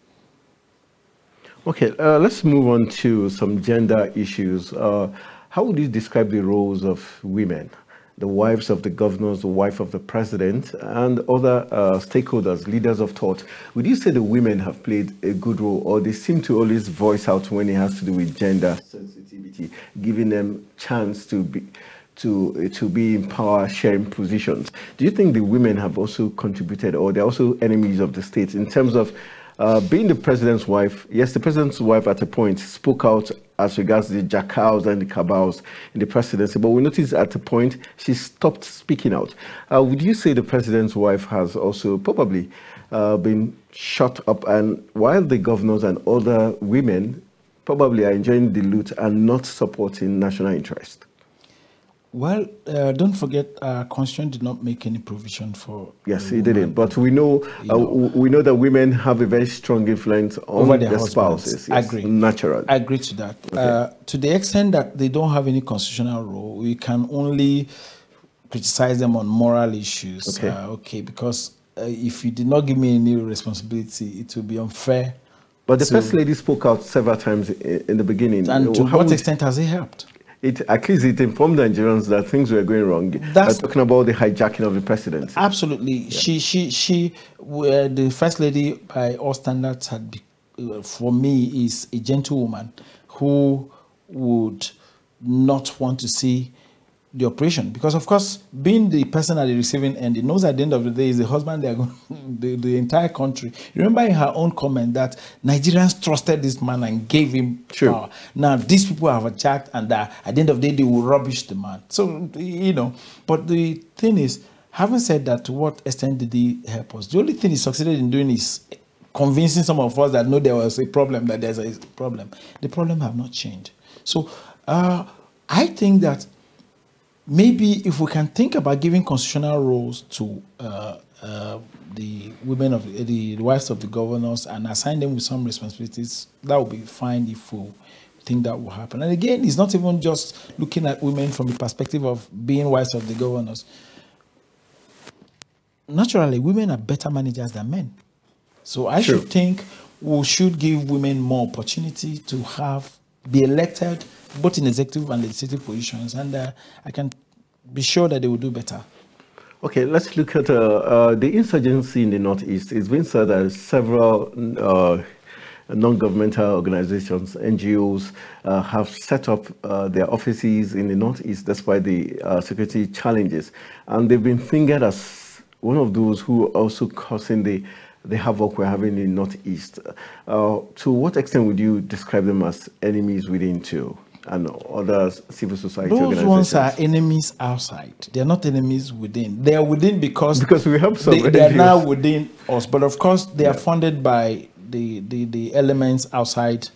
Okay, uh, let's move on to some gender issues. Uh, how would you describe the roles of women, the wives of the governors, the wife of the president, and other uh, stakeholders, leaders of thought? Would you say the women have played a good role, or they seem to always voice out when it has to do with gender sensitivity, giving them chance to be, to to be in power sharing positions. Do you think the women have also contributed, or they're also enemies of the state in terms of uh, being the president's wife? Yes, the president's wife at a point spoke out as regards the jackals and the cabals in the presidency, but we noticed at a point she stopped speaking out. Uh, would you say the president's wife has also probably uh, been shut up, and while the governors and other women probably are enjoying the loot and not supporting national interest? Well, uh, don't forget, uh, Constitution did not make any provision for. Yes, he didn't. But we know, uh, know, we know that women have a very strong influence on Over their, their spouses. Yes, agree. Natural. I agree to that. Okay. Uh, to the extent that they don't have any constitutional role, we can only criticize them on moral issues. Okay. Uh, okay, because uh, if you did not give me any responsibility, it would be unfair. But the first lady spoke out several times in the beginning. And to How what extent has it helped? it at least it informed Nigerians that things were going wrong. That's uh, talking about the hijacking of the presidency. Absolutely, yeah. she she she were uh, the first lady by all standards had uh, for me is a gentlewoman who would not want to see the operation because of course being the person at the receiving end he knows at the end of the day is the husband they are going the, the entire country remember in her own comment that nigerians trusted this man and gave him sure. power now these people have attacked and uh, at the end of the day they will rubbish the man so you know but the thing is having said that to what extent did he help us the only thing he succeeded in doing is convincing some of us that no there was a problem that there's a problem the problem have not changed so uh, i think that maybe if we can think about giving constitutional roles to uh, uh, the women of the, the, wives of the governors and assign them with some responsibilities, that would be fine if we think that will happen. And again, it's not even just looking at women from the perspective of being wives of the governors. Naturally, women are better managers than men. So I should think we should give women more opportunity to have be elected both in executive and legislative positions, and uh, I can be sure that they will do better. Okay, let's look at uh, uh, the insurgency in the Northeast. It's been said that several uh, non-governmental organizations, NGOs, uh, have set up uh, their offices in the Northeast despite the security challenges. And they've been fingered as one of those who are also causing the the havoc we're having in Northeast. Uh, to what extent would you describe them as enemies within too? and other civil society Those ones are enemies outside. They are not enemies within. They are within because because we have some. They, they are now within us, but of course they yeah. are funded by the, the the elements outside,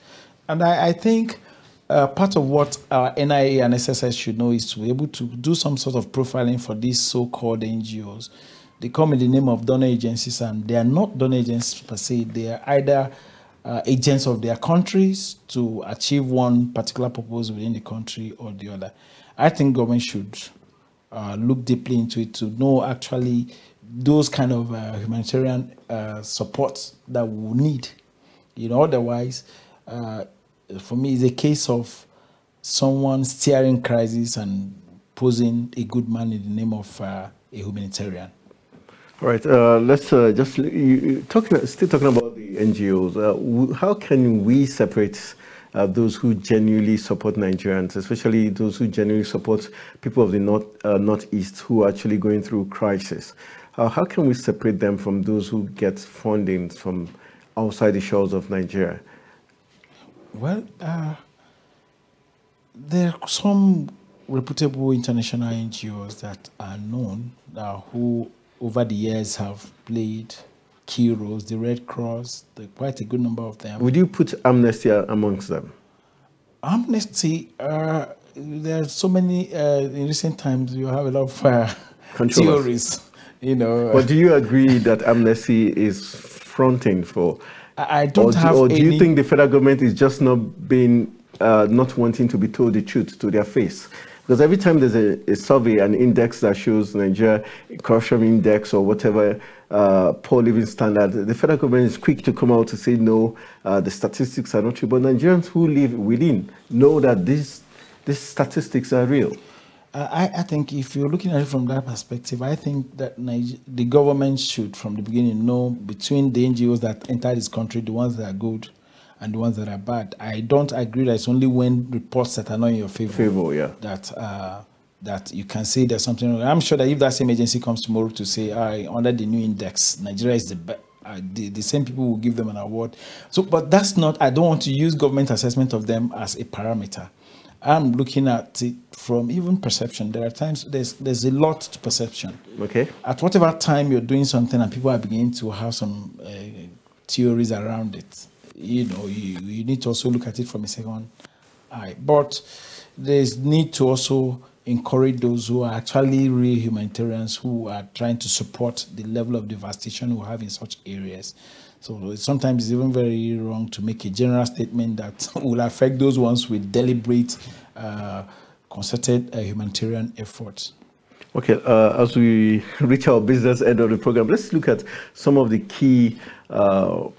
and I, I think. Uh, part of what our NIA and SSS should know is to be able to do some sort of profiling for these so-called NGOs they come in the name of donor agencies, and they are not donor agencies per se. They are either uh, agents of their countries to achieve one particular purpose within the country or the other. I think government should uh, look deeply into it to know actually those kind of uh, humanitarian uh, that we need. You know, otherwise, uh, for me, it's a case of someone steering crisis and posing a good man in the name of uh, a humanitarian. All right, uh, let's uh, just still talking about the NGOs. Uh, how can we separate uh, those who genuinely support Nigerians, especially those who genuinely support people of the north, uh, Northeast who are actually going through crisis? Uh, how can we separate them from those who get funding from outside the shores of Nigeria? Well, there are some reputable international NGOs that are known who over the years have played key roles, the Red Cross, the, quite a good number of them. Would you put Amnesty amongst them? Amnesty, uh, there are so many, uh, in recent times, you have a lot of uh, theories, you know. But do you agree that Amnesty is fronting for? I, don't or have do, Or do any... you think the federal government is just not being, uh, not wanting to be told the truth to their face? Because every time there's a, a survey, an index that shows Nigeria corruption index or whatever uh, poor living standard, the federal government is quick to come out to say no, uh, the statistics are not true. But Nigerians who live within know that these these statistics are real. Uh, I, I, think if you're looking at it from that perspective, I think that Niger the government should, from the beginning, know between the NGOs that enter this country, the ones that are good, and the ones that are bad. I don't agree that it's only when reports that are not in your favor, favor yeah. that uh, that you can say there's something wrong. I'm sure that if that same agency comes tomorrow to say, I under the new index, Nigeria is the best. Uh, the, the, same people will give them an award. So, but that's not, I don't want to use government assessment of them as a parameter. I'm looking at it from even perception. There are times, there's, there's a lot to perception. Okay. At whatever time you're doing something and people are beginning to have some uh, theories around it, you know, you, you need to also look at it from a second eye. But there's need to also encourage those who are actually real humanitarians who are trying to support the level of devastation we have in such areas. So sometimes it's even very wrong to make a general statement that will affect those ones with deliberate, uh, concerted uh, humanitarian efforts. Okay, uh, as we reach our business end of the program, let's look at some of the key uh,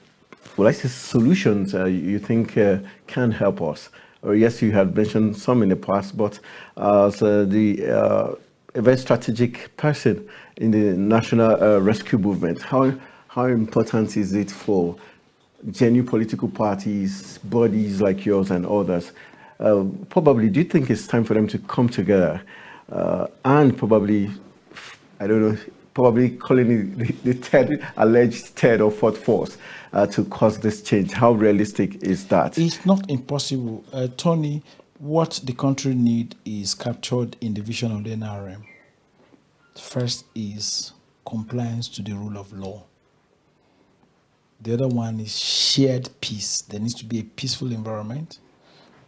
well, I see solutions uh, you think uh, can help us? Uh, yes, you have mentioned some in the past, but as the a very strategic person in the national rescue movement, how how important is it for genuine political parties, bodies like yours and others? Uh, probably, do you think it's time for them to come together uh, and probably, I don't know, probably calling it the, the third alleged third or fourth force uh, to cause this change. How realistic is that? It's not impossible, uh, Tony. What the country need is captured in the vision of the NRM. First is compliance to the rule of law. The other one is shared peace. There needs to be a peaceful environment.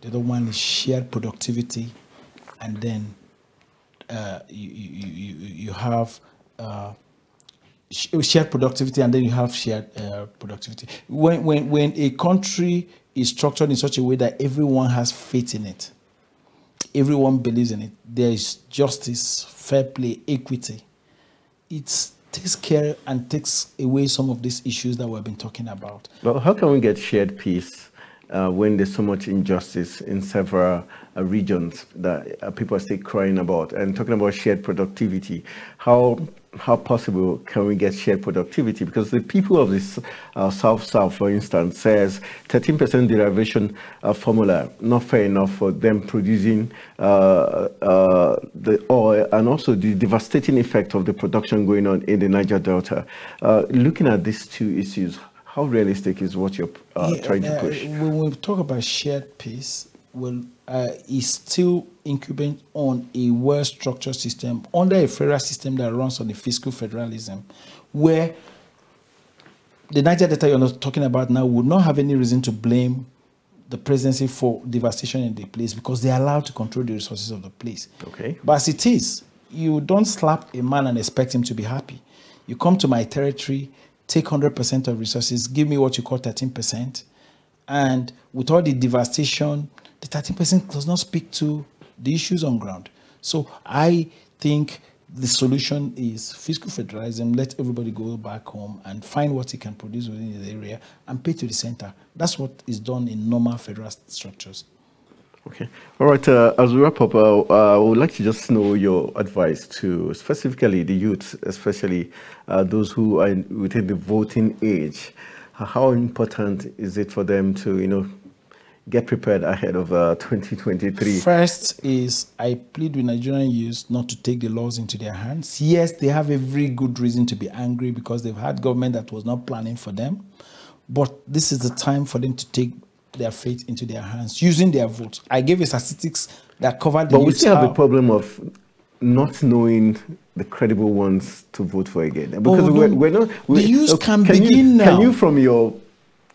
The other one is shared productivity, and then uh, you, you, you, you have uh, shared productivity and then you have shared uh, productivity. When, when, when a country is structured in such a way that everyone has faith in it, everyone believes in it, there is justice, fair play, equity, it takes care and takes away some of these issues that we've been talking about. Well, how can we get shared peace uh, when there's so much injustice in several uh, regions that uh, people are still crying about. And talking about shared productivity, how how possible can we get shared productivity? Because the people of this uh, South South, for instance, says 13% derivation uh, formula not fair enough for them producing uh, uh, the oil, and also the devastating effect of the production going on in the Niger Delta. looking at these two issues, how realistic is what you're yeah, trying to push? When we talk about shared peace, well, uh, is still incumbent on a well-structured system under a federal system that runs on the fiscal federalism, where the Niger Delta you're not talking about now would not have any reason to blame the presidency for devastation in the place because they're allowed to control the resources of the place. Okay. But as it is, you don't slap a man and expect him to be happy. You come to my territory, take 100% of resources, give me what you call 13%, and with all the devastation, the 13% does not speak to the issues on ground. So I think the solution is fiscal federalism, let everybody go back home and find what he can produce within the area and pay to the center. That's what is done in normal federal structures. Okay. All right. Uh, as we wrap up, uh, uh, I would like to just know your advice to specifically the youth, especially uh, those who are within the voting age. How important is it for them to, you know, get prepared ahead of uh, 2023? First is I plead with Nigerian youth not to take the laws into their hands. Yes, they have every good reason to be angry because they've had government that was not planning for them. But this is the time for them to take their fate into their hands using their vote. I gave you statistics that covered But we still have out. a problem of not knowing the credible ones to vote for again. Because oh, we're, we're, not... We're, the use okay, can, can begin you, now. Can you, from your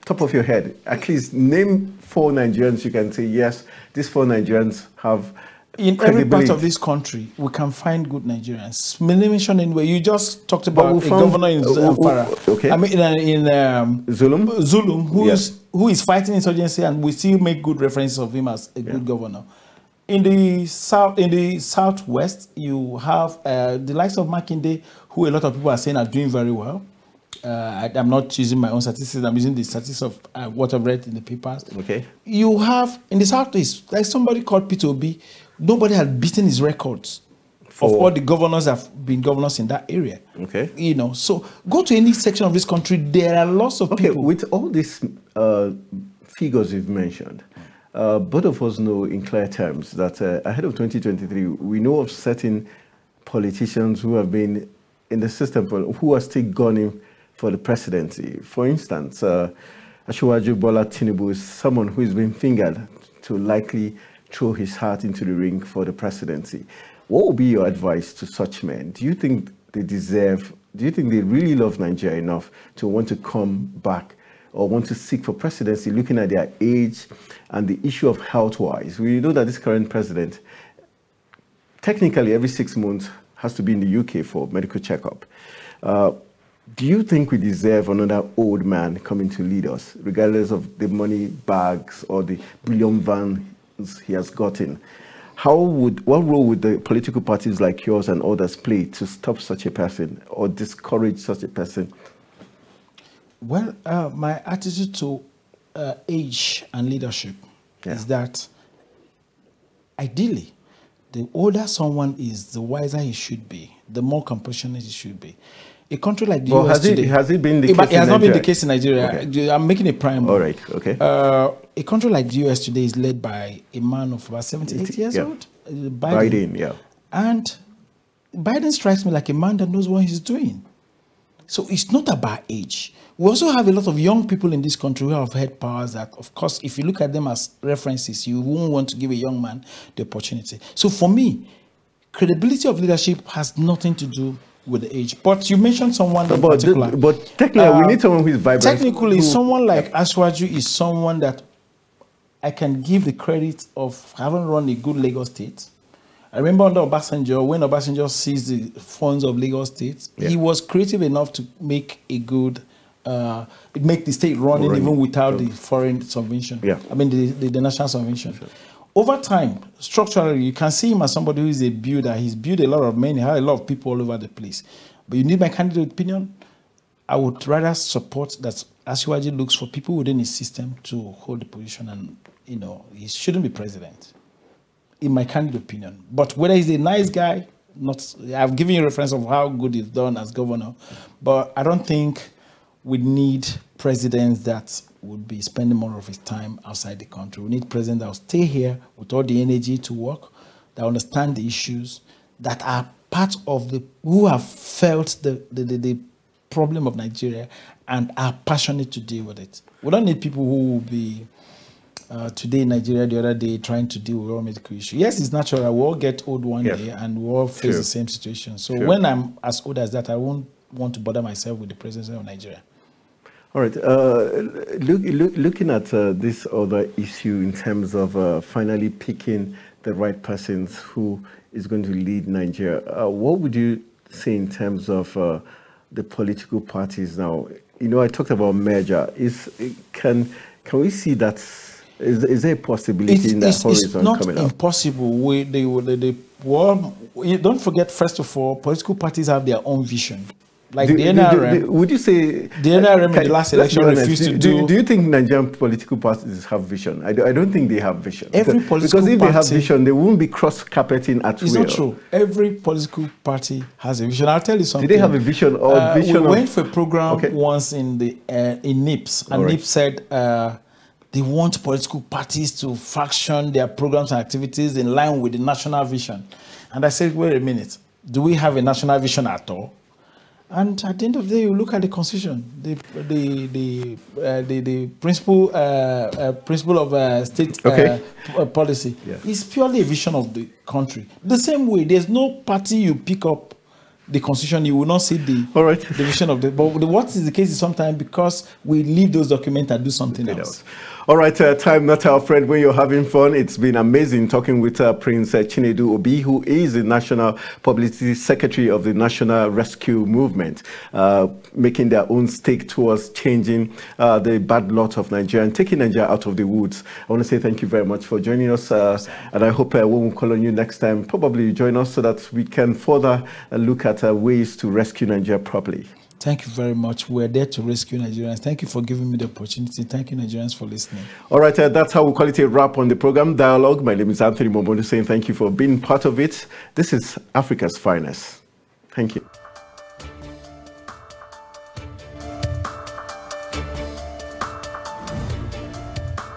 top of your head, at least name four Nigerians, you can say, yes, these four Nigerians have. In every part of this country, we can find good Nigerians. Mention anywhere. You just talked about a governor in uh, Zamfara. Uh, okay. I mean, in, uh, in um, Zulum. Zulum, who is, who is fighting insurgency, and we still make good references of him as a yeah. good governor. In the south, in the southwest, you have uh, the likes of Makinde, who a lot of people are saying are doing very well uh, I, am not using my own statistics. I'm using the statistics of uh, what I've read in the papers. Okay. You have in the southeast, like somebody called Peter Obi, nobody had beaten his records For? of all the governors have been governors in that area. Okay. You know, so go to any section of this country, there are lots of okay, people. With all these uh, figures you've mentioned, uh, both of us know in clear terms that uh, ahead of 2023, we know of certain politicians who have been in the system, who are still gunning for the presidency. For instance, uh, Ashwaju Bola Tinubu is someone who is being fingered to likely throw his heart into the ring for the presidency. What would be your advice to such men? Do you think they deserve, do you think they really love Nigeria enough to want to come back or want to seek for presidency looking at their age and the issue of health-wise? We know that this current president, technically every six months, has to be in the UK for medical checkup. Uh, do you think we deserve another old man coming to lead us, regardless of the money bags or the billion vans he has gotten? How would what role would the political parties like yours and others play to stop such a person or discourage such a person? Well, uh, my attitude to uh, age and leadership yeah. is that ideally, the older someone is, the wiser he should be, the more compassionate he should be. A country like the well, US has today, it, has it been the it, case? It has not been the case in Nigeria. Okay. I'm making a prime. All right. Okay. Uh, a country like the US today is led by a man of about 78 years yeah. old, uh, Biden. Biden. Yeah. And Biden strikes me like a man that knows what he's doing. So it's not about age. We also have a lot of young people in this country who have had powers that, of course, if you look at them as references, you won't want to give a young man the opportunity. So for me, credibility of leadership has nothing to do with the age. But you mentioned someone but, particular. but technically, uh, we need uh, someone who is vibrant. Technically, who, someone like yeah. Aswaju is someone that I can give the credit of having run a good Lagos State. I remember under Obasanjo, when Obasanjo seized the funds of Lagos State, yeah. he was creative enough to make a good, uh, make the state running, running. even without the foreign subvention. Yeah. I mean, the, the, the national subvention. Sure over time, structurally, you can see him as somebody who is a builder. He's built a lot of men, he had a lot of people all over the place. But you need my candidate opinion. I would rather support that Asiwaji looks for people within his system to hold the position and, you know, he shouldn't be president, in my candid opinion. But whether he's a nice guy, not, I've given you a reference of how good he's done as governor, but I don't think we need presidents that would be spending more of his time outside the country. We need president that will stay here with all the energy to work, that understand the issues that are part of the who have felt the the, the, the problem of Nigeria and are passionate to deal with it. We don't need people who will be uh, today in Nigeria, the other day, trying to deal with all medical issues. Yes, it's natural. We all get old one yes. day and we all face True. the same situation. So True. when I'm as old as that, I won't want to bother myself with the presence of Nigeria. All right. Uh, look, look, looking at uh, this other issue in terms of uh, finally picking the right persons who is going to lead Nigeria, uh, what would you say in terms of uh, the political parties now? You know, I talked about merger. Is can can we see that? Is, is there a possibility it's, in that it's, horizon it's not coming impossible. We, they, they, they, well, don't forget, first of all, political parties have their own vision. Like do, the NRM. Do, do, would you say the NRM in the last election refused to do, do? you think Nigerian political parties have vision? I, do, not think they have vision. Every because, political because if party, they have vision, they won't be cross carpeting at will. It's not true. Every political party has a vision. I'll tell you something. Did they have a vision or uh, vision? We went for a program okay. once in the uh, in NIPS, and right. NIPS said. Uh, they want political parties to faction their programs and activities in line with the national vision. And I said, wait a minute, do we have a national vision at all? And at the end of the day, you look at the constitution, the the the uh, the, the, principle uh, uh, principle of uh, state uh, okay. Uh, policy It's is purely a vision of the country. The same way, there's no party you pick up the constitution, you will not see the all right the vision of the. But the, what is the case is sometimes because we leave those documents and do something else. else. All right, uh, time not our friend when you're having fun. It's been amazing talking with uh, Prince uh, Chinedu Obi, who is the National Publicity Secretary of the National Rescue Movement, uh, making their own stake towards changing uh, the bad lot of Nigeria and taking Nigeria out of the woods. I want to say thank you very much for joining us, uh, and I hope we we call on you next time, probably join us so that we can further look at ways to rescue Nigeria properly. Thank you very much. We're there to rescue Nigerians. Thank you for giving me the opportunity. Thank you, Nigerians, for listening. All right, uh, that's how we call it a wrap on the program Dialogue. My name is Anthony Momodu saying thank you for being part of it. This is Africa's Finest. Thank you.